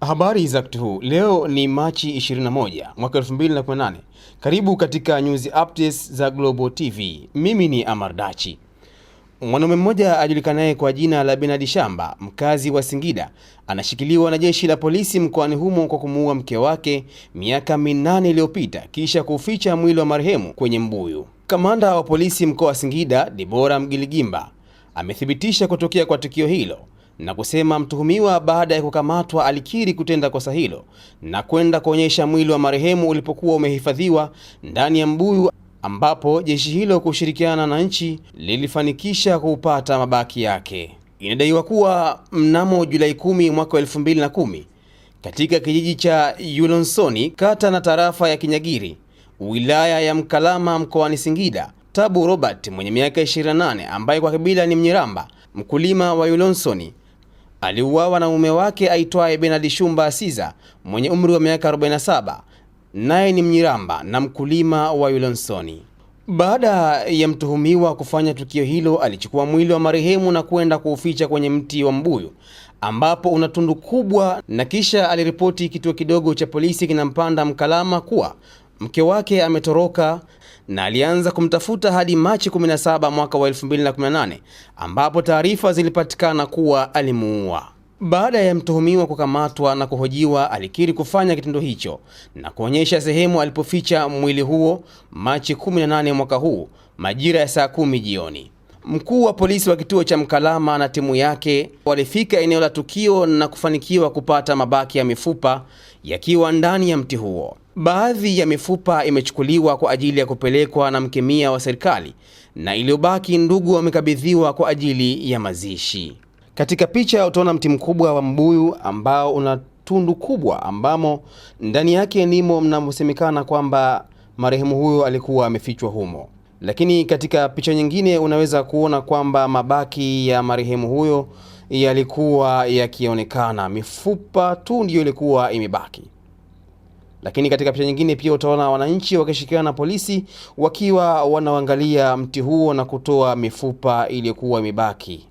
Habari za wakati huu. Leo ni Machi 21 mwaka 2018. Karibu katika news updates za Global TV. Mimi ni Amar Dachi. Mwanaume mmoja ajulikanaye kwa jina la Bernard Shamba, mkazi wa Singida, anashikiliwa na jeshi la polisi mkoani humo kwa kumuua mke wake miaka minane iliyopita kisha kuficha mwili wa marehemu kwenye mbuyu. Kamanda wa polisi mkoa wa Singida, Debora Mgiligimba, amethibitisha kutokea kwa tukio hilo na kusema mtuhumiwa baada ya kukamatwa alikiri kutenda kosa hilo na kwenda kuonyesha mwili wa marehemu ulipokuwa umehifadhiwa ndani ya mbuyu ambapo jeshi hilo kushirikiana na nchi lilifanikisha kuupata mabaki yake. Inadaiwa kuwa mnamo Julai 10 mwaka 2010 katika kijiji cha Yulonsoni kata na tarafa ya Kinyagiri wilaya ya Mkalama mkoani Singida, Tabu Robert mwenye miaka 28 ambaye kwa kabila ni Mnyiramba, mkulima wa Yulonsoni aliuawa na mume wake aitwaye Bernard Shumba Asiza mwenye umri wa miaka 47, naye ni Mnyiramba na mkulima wa Yulonsoni. Baada ya mtuhumiwa kufanya tukio hilo, alichukua mwili wa marehemu na kwenda kuuficha kwenye mti wa mbuyu ambapo una tundu kubwa, na kisha aliripoti kituo kidogo cha polisi kinampanda Mkalama kuwa mke wake ametoroka na alianza kumtafuta hadi Machi 17 mwaka wa 2018 ambapo taarifa zilipatikana kuwa alimuua. Baada ya mtuhumiwa kukamatwa na kuhojiwa, alikiri kufanya kitendo hicho na kuonyesha sehemu alipoficha mwili huo Machi 18 mwaka huu majira ya saa kumi jioni. Mkuu wa polisi wa kituo cha Mkalama na timu yake walifika eneo la tukio na kufanikiwa kupata mabaki ya mifupa yakiwa ndani ya mti huo. Baadhi ya mifupa imechukuliwa kwa ajili ya kupelekwa na mkemia wa serikali na iliyobaki ndugu wamekabidhiwa kwa ajili ya mazishi. Katika picha utaona mti mkubwa wa mbuyu ambao una tundu kubwa ambamo ndani yake ndimo mnamosemekana kwamba marehemu huyo alikuwa amefichwa humo. Lakini katika picha nyingine unaweza kuona kwamba mabaki ya marehemu huyo yalikuwa yakionekana, mifupa tu ndiyo ilikuwa imebaki. Lakini katika picha nyingine pia utaona wananchi wakishikiana na polisi wakiwa wanaangalia mti huo na kutoa mifupa iliyokuwa imebaki.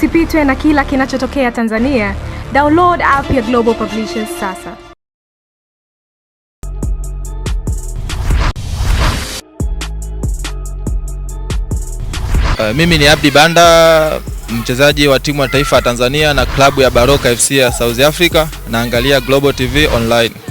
Usipitwe na kila kinachotokea Tanzania. Download app ya Global Publishers sasa. Uh, mimi ni Abdi Banda mchezaji wa timu ya taifa ya Tanzania na klabu ya Baroka FC ya South Africa. Naangalia Global TV Online.